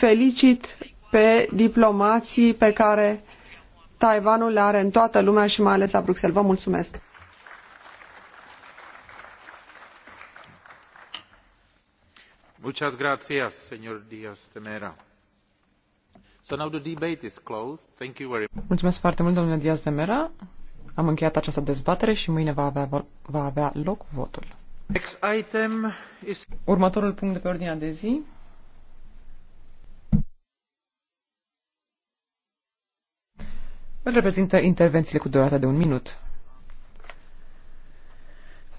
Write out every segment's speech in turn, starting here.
felicit pe diplomații pe care Taiwanul le are în toată lumea și mai ales la Bruxelles. Vă mulțumesc! Muchas gracias, señor Díaz Temera. So now the debate is closed. Thank you very much. Mulțumesc foarte mult, domnule Diaz de Mera. Am încheiat această dezbatere și mâine va avea, va avea loc votul. Următorul punct de pe ordinea de zi Îl reprezintă intervențiile cu durata de un minut.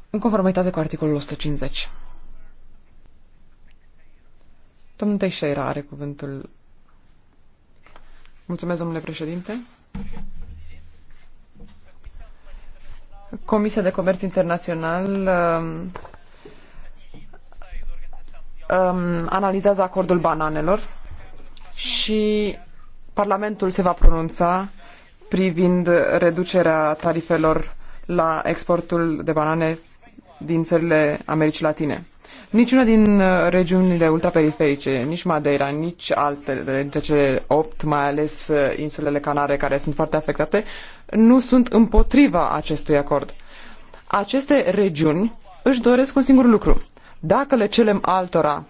În conformitate cu articolul 150. Domnul Teixeira are cuvântul. Mulțumesc, domnule președinte. Comisia de Comerț Internațional um, um, analizează acordul bananelor și Parlamentul se va pronunța privind reducerea tarifelor la exportul de banane din țările Americii Latine. Niciuna din uh, regiunile ultraperiferice, nici Madeira, nici altele dintre cele opt, mai ales uh, insulele Canare, care sunt foarte afectate, nu sunt împotriva acestui acord. Aceste regiuni își doresc un singur lucru. Dacă le celem altora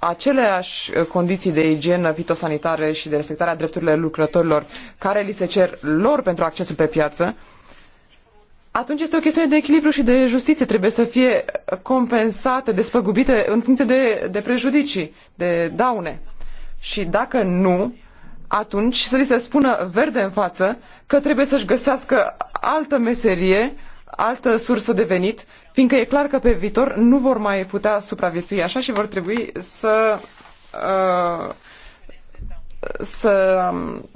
aceleași uh, condiții de igienă fitosanitare și de respectarea drepturilor lucrătorilor care li se cer lor pentru accesul pe piață, atunci este o chestiune de echilibru și de justiție. Trebuie să fie compensate, despăgubite în funcție de, de prejudicii, de daune. Și dacă nu, atunci să li se spună verde în față că trebuie să-și găsească altă meserie, altă sursă de venit fiindcă e clar că pe viitor nu vor mai putea supraviețui așa și vor trebui să uh, să um,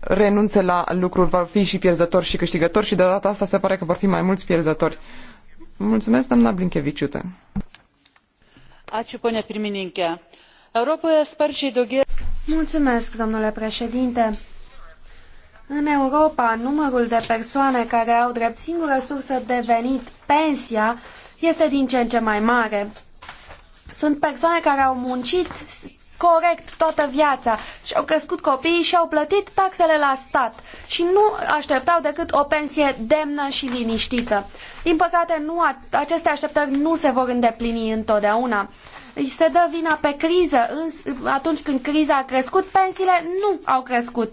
renunțe la lucruri, vor fi și pierzători și câștigători și de data asta se pare că vor fi mai mulți pierzători. Mulțumesc, doamna Blinkeviciute. ponia Mulțumesc, domnule președinte. În Europa, numărul de persoane care au drept singură sursă de venit pensia este din ce în ce mai mare. Sunt persoane care au muncit corect toată viața și au crescut copiii și au plătit taxele la stat și nu așteptau decât o pensie demnă și liniștită. Din păcate, nu, aceste așteptări nu se vor îndeplini întotdeauna. Se dă vina pe criză, atunci când criza a crescut, pensiile nu au crescut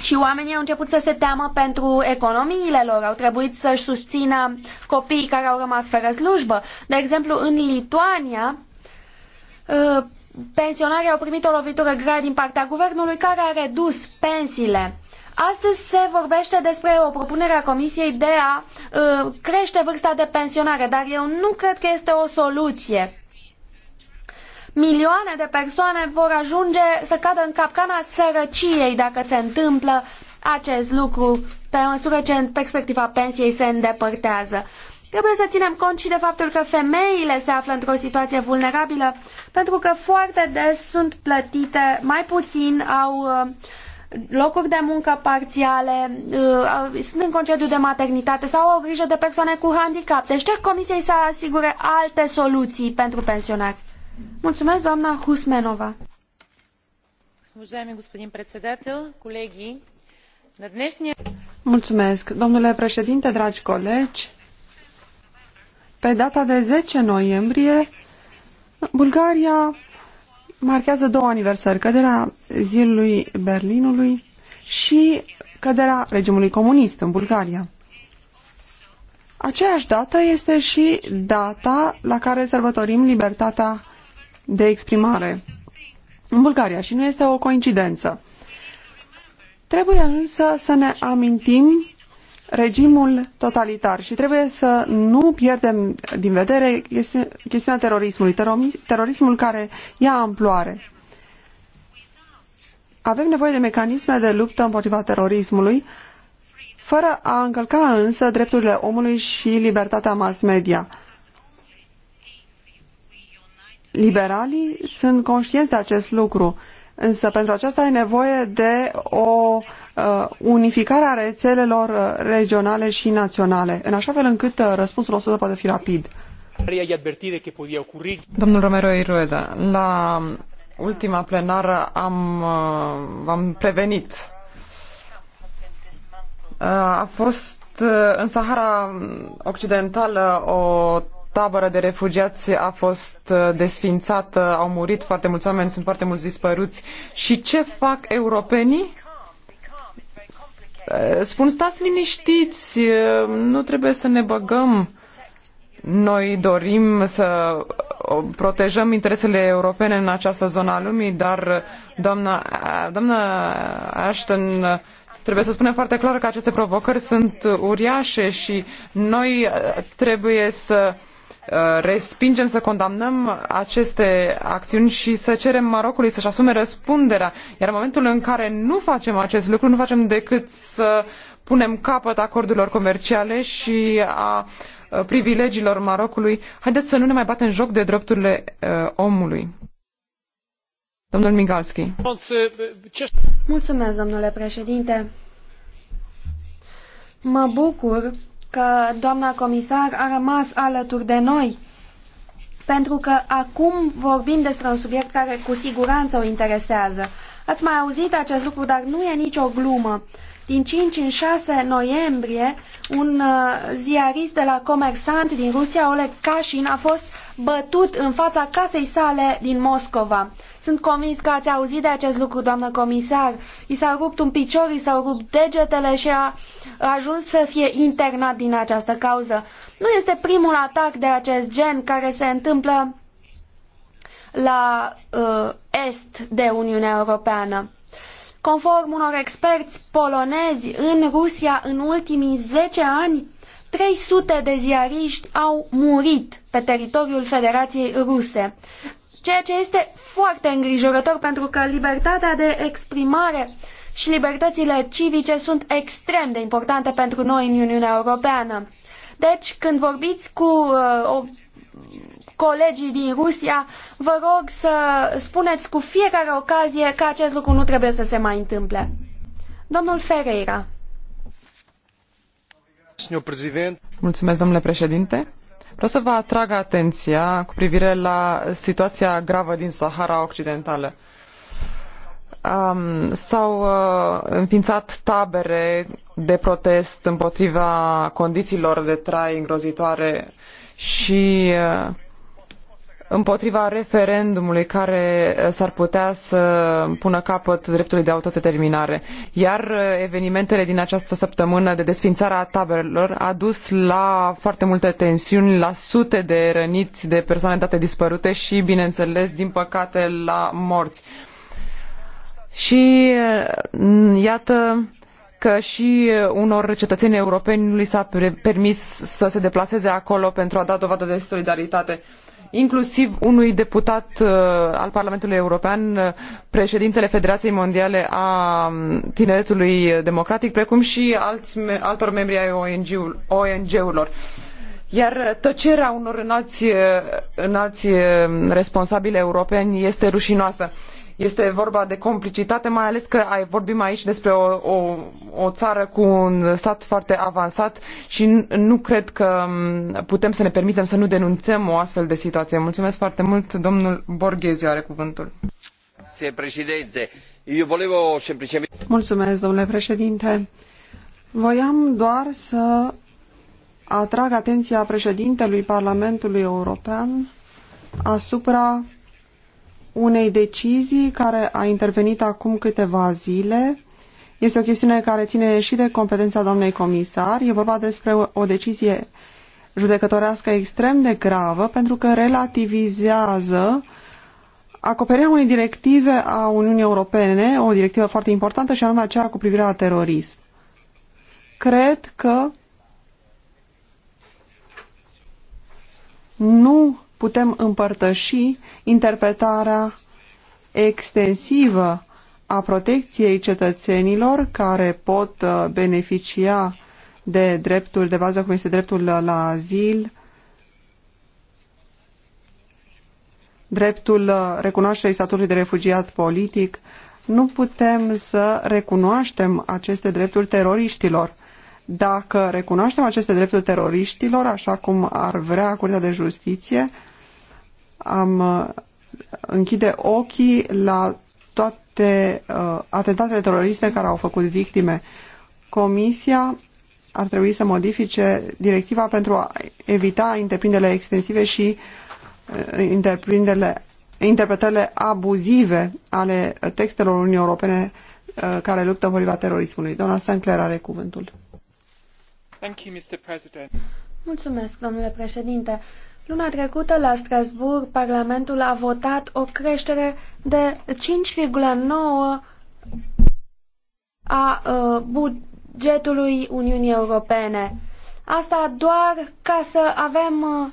și oamenii au început să se teamă pentru economiile lor, au trebuit să-și susțină copiii care au rămas fără slujbă. De exemplu, în Lituania, ă, pensionarii au primit o lovitură grea din partea guvernului care a redus pensiile. Astăzi se vorbește despre o propunere a Comisiei de a ă, crește vârsta de pensionare, dar eu nu cred că este o soluție milioane de persoane vor ajunge să cadă în capcana sărăciei dacă se întâmplă acest lucru pe măsură ce perspectiva pensiei se îndepărtează. Trebuie să ținem cont și de faptul că femeile se află într-o situație vulnerabilă pentru că foarte des sunt plătite mai puțin, au uh, locuri de muncă parțiale, uh, sunt în concediu de maternitate sau au grijă de persoane cu handicap. Deci cer comisiei să asigure alte soluții pentru pensionari. Mulțumesc, doamna Husmenova. Mulțumesc, domnule președinte, dragi colegi. Pe data de 10 noiembrie, Bulgaria marchează două aniversări, căderea zilului Berlinului și căderea regimului comunist în Bulgaria. Aceeași dată este și data la care sărbătorim libertatea de exprimare în Bulgaria și nu este o coincidență. Trebuie însă să ne amintim regimul totalitar și trebuie să nu pierdem din vedere chestiunea terorismului, terorismul care ia amploare. Avem nevoie de mecanisme de luptă împotriva terorismului, fără a încălca însă drepturile omului și libertatea mass media. Liberalii sunt conștienți de acest lucru, însă pentru aceasta e nevoie de o uh, unificare a rețelelor uh, regionale și naționale, în așa fel încât uh, răspunsul nostru poate fi rapid. Domnul Romero Irueda, la ultima plenară am, v-am prevenit. A fost în Sahara Occidentală o tabără de refugiați a fost uh, desfințată, au murit foarte mulți oameni, sunt foarte mulți dispăruți. Și ce fac europenii? Uh, spun, stați liniștiți, uh, nu trebuie să ne băgăm. Noi dorim să protejăm interesele europene în această zonă a lumii, dar doamna, doamna Ashton trebuie să spunem foarte clar că aceste provocări sunt uriașe și noi trebuie să Uh, respingem, să condamnăm aceste acțiuni și să cerem Marocului să-și asume răspunderea. Iar în momentul în care nu facem acest lucru, nu facem decât să punem capăt acordurilor comerciale și a uh, privilegiilor Marocului. Haideți să nu ne mai batem joc de drepturile uh, omului. Domnul Migalski. Mulțumesc, domnule președinte. Mă bucur că doamna comisar a rămas alături de noi, pentru că acum vorbim despre un subiect care cu siguranță o interesează. Ați mai auzit acest lucru, dar nu e nicio glumă. Din 5 în 6 noiembrie, un uh, ziarist de la Comersant din Rusia, Oleg Kashin, a fost bătut în fața casei sale din Moscova. Sunt convins că ați auzit de acest lucru, doamnă comisar. I s-a rupt un picior, i s-au rupt degetele și a ajuns să fie internat din această cauză. Nu este primul atac de acest gen care se întâmplă la uh, est de Uniunea Europeană. Conform unor experți polonezi, în Rusia, în ultimii zece ani, 300 de ziariști au murit pe teritoriul Federației Ruse. Ceea ce este foarte îngrijorător pentru că libertatea de exprimare și libertățile civice sunt extrem de importante pentru noi în Uniunea Europeană. Deci, când vorbiți cu uh, o colegii din Rusia, vă rog să spuneți cu fiecare ocazie că acest lucru nu trebuie să se mai întâmple. Domnul Ferreira. Mulțumesc, domnule președinte. Vreau să vă atrag atenția cu privire la situația gravă din Sahara Occidentală. Um, s-au uh, înființat tabere de protest împotriva condițiilor de trai îngrozitoare și uh, împotriva referendumului care eh, s-ar putea să pună capăt dreptului de autodeterminare. Iar eh, evenimentele din această săptămână de desfințare a taberelor a dus la foarte multe tensiuni, la sute de răniți, de persoane date dispărute și, bineînțeles, din păcate, la morți. Și eh, iată că și unor cetățeni europeni nu li s-a permis să se deplaseze acolo pentru a da dovadă de solidaritate inclusiv unui deputat uh, al Parlamentului European, uh, președintele Federației Mondiale a um, Tineretului Democratic, precum și altor membri ai ONG-urilor. Iar tăcerea unor înali uh, responsabili europeni este rușinoasă este vorba de complicitate, mai ales că ai, vorbim aici despre o, o, o țară cu un stat foarte avansat și nu cred că putem să ne permitem să nu denunțăm o astfel de situație. Mulțumesc foarte mult. Domnul Borghezi are cuvântul. Președinte, eu Mulțumesc, domnule președinte. Voiam doar să atrag atenția președintelui Parlamentului European asupra unei decizii care a intervenit acum câteva zile. Este o chestiune care ține și de competența doamnei comisar. E vorba despre o decizie judecătorească extrem de gravă pentru că relativizează acoperirea unei directive a Uniunii Europene, o directivă foarte importantă și anume aceea cu privire la terorism. Cred că nu putem împărtăși interpretarea extensivă a protecției cetățenilor care pot uh, beneficia de drepturi de bază, cum este dreptul la azil, dreptul uh, recunoașterii statului de refugiat politic, nu putem să recunoaștem aceste drepturi teroriștilor. Dacă recunoaștem aceste drepturi teroriștilor, așa cum ar vrea Curtea de Justiție, am uh, închide ochii la toate uh, atentatele teroriste care au făcut victime. Comisia ar trebui să modifice directiva pentru a evita întreprinderile extensive și uh, interpretările abuzive ale uh, textelor Uniunii Europene care luptă împotriva terorismului. Doamna Sancler are cuvântul. Mulțumesc, domnule președinte. Luna trecută, la Strasbourg Parlamentul a votat o creștere de 5,9 a uh, bugetului Uniunii Europene. Asta doar ca să avem uh,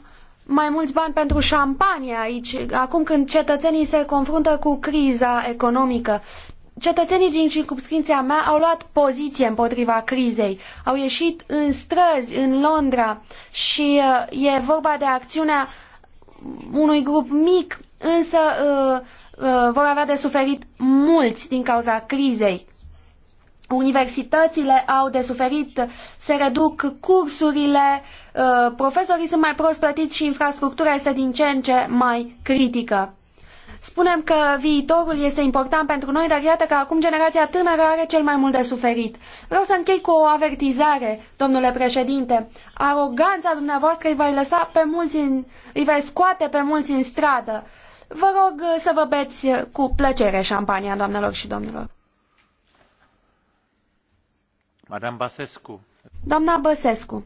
mai mulți bani pentru șampanie aici, acum când cetățenii se confruntă cu criza economică. Cetățenii din circumscripția mea au luat poziție împotriva crizei, au ieșit în străzi, în Londra și uh, e vorba de acțiunea unui grup mic, însă uh, uh, vor avea de suferit mulți din cauza crizei. Universitățile au de suferit, se reduc cursurile, profesorii sunt mai prost plătiți și infrastructura este din ce în ce mai critică. Spunem că viitorul este important pentru noi, dar iată că acum generația tânără are cel mai mult de suferit. Vreau să închei cu o avertizare, domnule președinte. Aroganța dumneavoastră îi va, lăsa pe mulți în, îi va scoate pe mulți în stradă. Vă rog să vă beți cu plăcere șampania, doamnelor și domnilor. Madame Basescu. Doamna Băsescu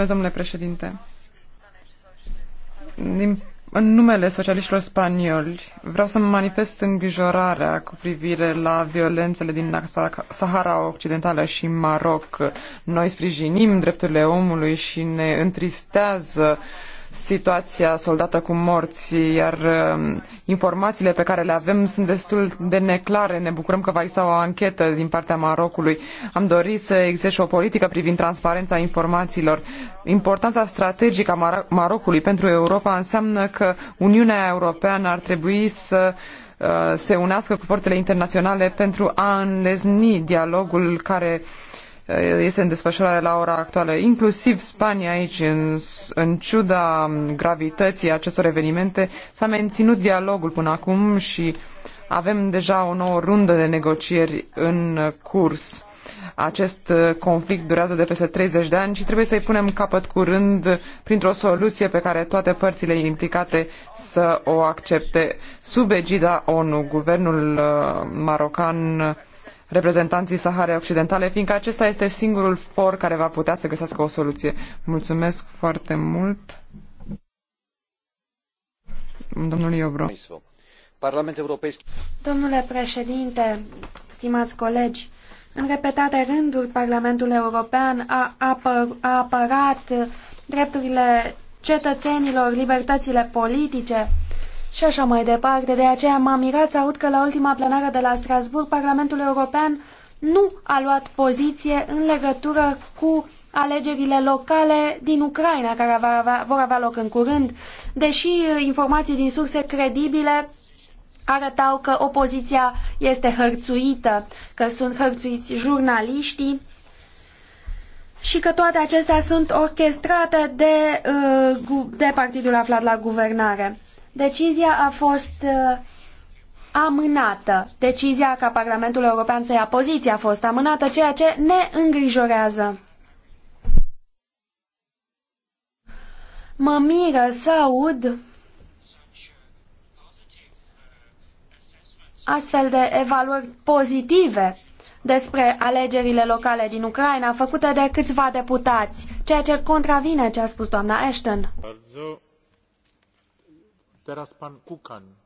domnule președinte. Din, în numele socialiștilor spanioli, vreau să-mi manifest îngrijorarea cu privire la violențele din Sahara Occidentală și Maroc. Noi sprijinim drepturile omului și ne întristează situația soldată cu morți, iar um, informațiile pe care le avem sunt destul de neclare. Ne bucurăm că va exista o anchetă din partea Marocului. Am dorit să existe o politică privind transparența informațiilor. Importanța strategică a Mar Marocului pentru Europa înseamnă că Uniunea Europeană ar trebui să uh, se unească cu forțele internaționale pentru a înlezni dialogul care uh, este în desfășurare la ora actuală, inclusiv Spania aici, în, în ciuda gravității acestor evenimente, s-a menținut dialogul până acum și avem deja o nouă rundă de negocieri în curs. Acest conflict durează de peste 30 de ani și trebuie să-i punem capăt curând printr-o soluție pe care toate părțile implicate să o accepte. Sub egida ONU, guvernul uh, marocan reprezentanții Saharei Occidentale, fiindcă acesta este singurul for care va putea să găsească o soluție. Mulțumesc foarte mult. Domnul Iobro. Parlamentul European. Domnule președinte, stimați colegi, în repetate rânduri, Parlamentul European a, apăr, a apărat drepturile cetățenilor, libertățile politice, și așa mai departe. De aceea m-am mirat să aud că la ultima plenară de la Strasburg Parlamentul European nu a luat poziție în legătură cu alegerile locale din Ucraina care avea, vor avea loc în curând, deși uh, informații din surse credibile arătau că opoziția este hărțuită, că sunt hărțuiți jurnaliștii și că toate acestea sunt orchestrate de, uh, de partidul aflat la guvernare. Decizia a fost uh, amânată. Decizia ca Parlamentul European să ia poziția a fost amânată, ceea ce ne îngrijorează. Mă miră să aud astfel de evaluări pozitive despre alegerile locale din Ucraina făcute de câțiva deputați, ceea ce contravine ce a spus doamna Ashton.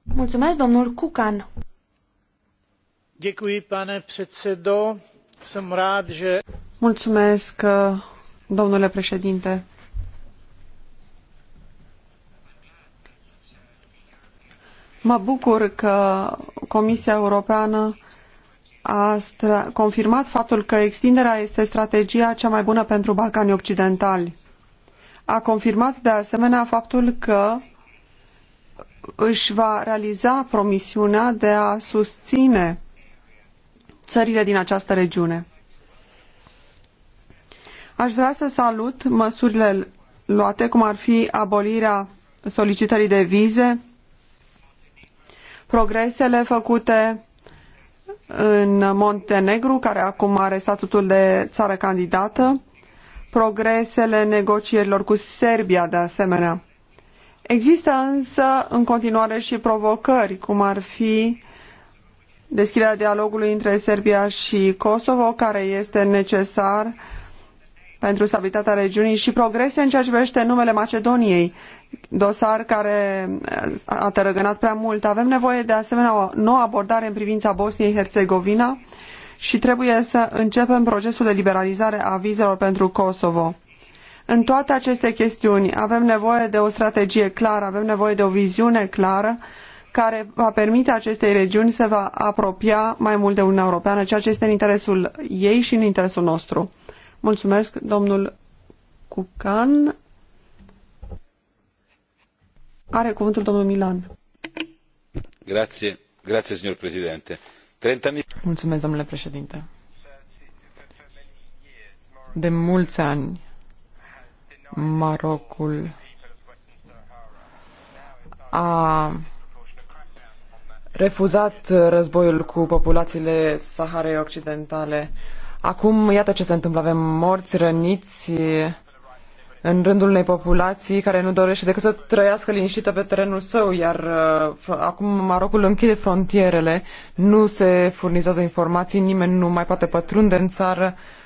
Mulțumesc, domnul pane Mulțumesc, uh, domnule președinte. Mă bucur că Comisia Europeană a confirmat faptul că extinderea este strategia cea mai bună pentru Balcanii Occidentali. A confirmat de asemenea faptul că își va realiza promisiunea de a susține țările din această regiune. Aș vrea să salut măsurile luate, cum ar fi abolirea solicitării de vize, progresele făcute în Montenegru, care acum are statutul de țară candidată, progresele negocierilor cu Serbia de asemenea. Există însă în continuare și provocări, cum ar fi deschiderea dialogului între Serbia și Kosovo, care este necesar pentru stabilitatea regiunii și progrese în ceea ce privește numele Macedoniei, dosar care a tărăgânat prea mult. Avem nevoie de asemenea o nouă abordare în privința Bosniei-Herzegovina și trebuie să începem procesul de liberalizare a vizelor pentru Kosovo. În toate aceste chestiuni avem nevoie de o strategie clară, avem nevoie de o viziune clară care va permite acestei regiuni să va apropia mai mult de Uniunea Europeană, ceea ce este în interesul ei și în interesul nostru. Mulțumesc, domnul Cucan. Are cuvântul domnul Milan. Grazie, grazie, signor președinte. 30... Mulțumesc, domnule președinte. De mulți ani Marocul a refuzat războiul cu populațiile Saharei Occidentale. Acum, iată ce se întâmplă. Avem morți, răniți în rândul unei populații care nu dorește decât să trăiască liniștită pe terenul său, iar uh, acum Marocul închide frontierele, nu se furnizează informații, nimeni nu mai poate pătrunde în țară. Uh,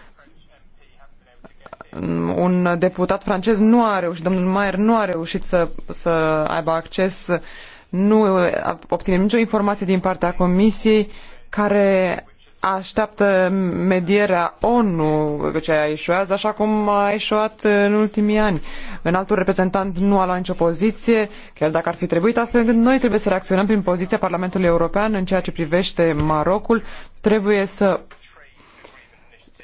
un deputat francez nu a reușit, domnul Maier nu a reușit să, să aibă acces, nu obținem nicio informație din partea Comisiei care așteaptă medierea ONU, cea deci eșuează, așa cum a eșuat în ultimii ani. În altul reprezentant nu a luat nicio poziție, chiar dacă ar fi trebuit, astfel încât noi trebuie să reacționăm prin poziția Parlamentului European în ceea ce privește Marocul. Trebuie să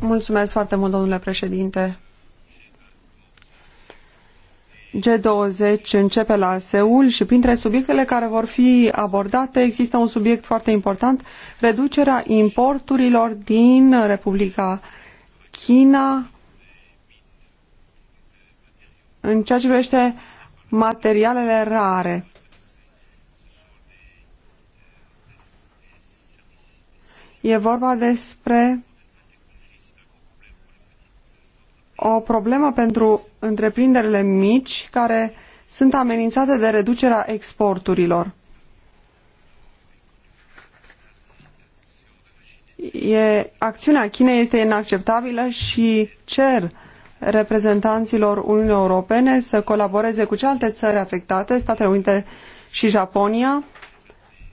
Mulțumesc foarte mult, președinte. G20 începe la Seul și printre subiectele care vor fi abordate există un subiect foarte important, reducerea importurilor din Republica China în ceea ce privește materialele rare. E vorba despre o problemă pentru întreprinderile mici care sunt amenințate de reducerea exporturilor. E, acțiunea Chinei este inacceptabilă și cer reprezentanților Uniunii Europene să colaboreze cu celelalte țări afectate, Statele Unite și Japonia,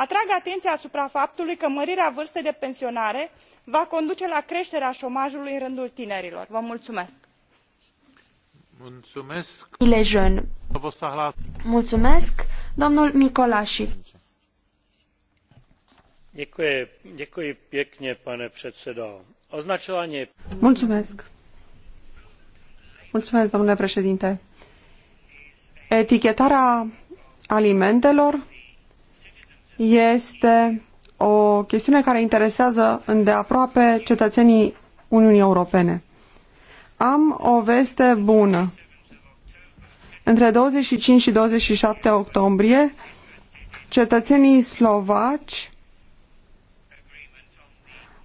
atrag atenia asupra faptului că mărirea vârstei de pensionare va conduce la creterea omajului în rândul tinerilor. Vă mulțumesc. Mulțumesc. Mulțumesc. Domnul etichetarea alimentelor este o chestiune care interesează îndeaproape cetățenii Uniunii Europene. Am o veste bună. Între 25 și 27 octombrie, cetățenii slovaci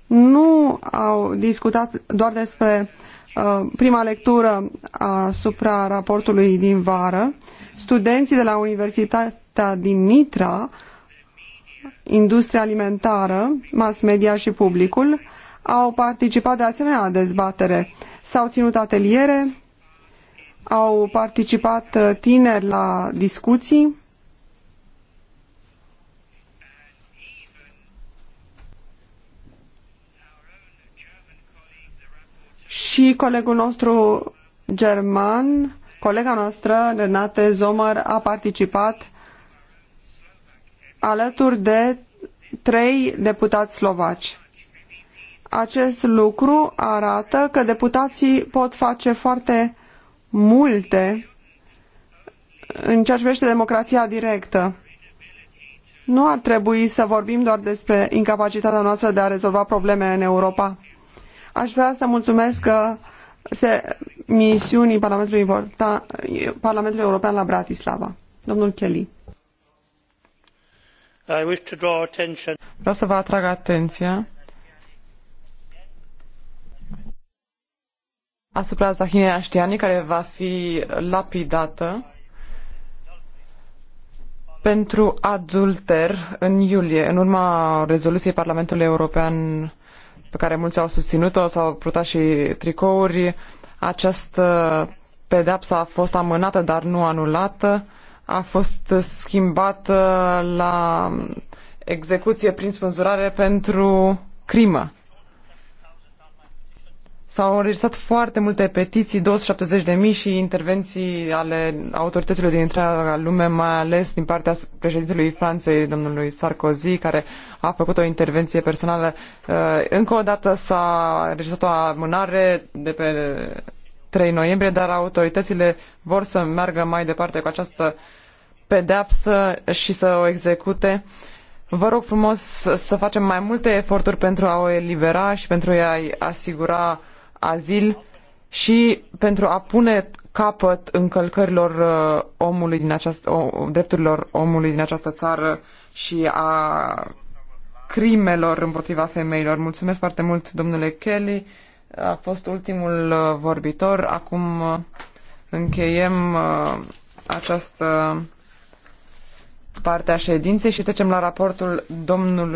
nu au discutat doar despre uh, prima lectură asupra raportului din vară. Studenții de la Universitatea din Nitra industria alimentară, mass media și publicul au participat de asemenea la dezbatere. S-au ținut ateliere, au participat uh, tineri la discuții. Și colegul nostru german, colega noastră, Renate Zomer, a participat alături de trei deputați slovaci. Acest lucru arată că deputații pot face foarte multe în ceea ce privește democrația directă. Nu ar trebui să vorbim doar despre incapacitatea noastră de a rezolva probleme în Europa. Aș vrea să mulțumesc se, misiunii Parlamentului, Parlamentului European la Bratislava. Domnul Kelly. Vreau să vă atrag atenția asupra Zahinei Aștiani, care va fi lapidată pentru adulter în iulie, în urma rezoluției Parlamentului European pe care mulți au susținut-o, s-au purtat și tricouri. Această pedeapsă a fost amânată, dar nu anulată a fost schimbată la execuție prin spânzurare pentru crimă. S-au înregistrat foarte multe petiții, 270.000 și intervenții ale autorităților din întreaga lume, mai ales din partea președintelui Franței, domnului Sarkozy, care a făcut o intervenție personală. Uh, încă o dată s-a înregistrat o amânare de pe 3 noiembrie, dar autoritățile vor să meargă mai departe cu această pedeapsă și să o execute. Vă rog frumos să facem mai multe eforturi pentru a o elibera și pentru a-i asigura azil și pentru a pune capăt încălcărilor uh, omului din această, drepturilor omului din această țară și a crimelor împotriva femeilor. Mulțumesc foarte mult, domnule Kelly a fost ultimul uh, vorbitor. Acum uh, încheiem uh, această parte a ședinței și trecem la raportul domnului.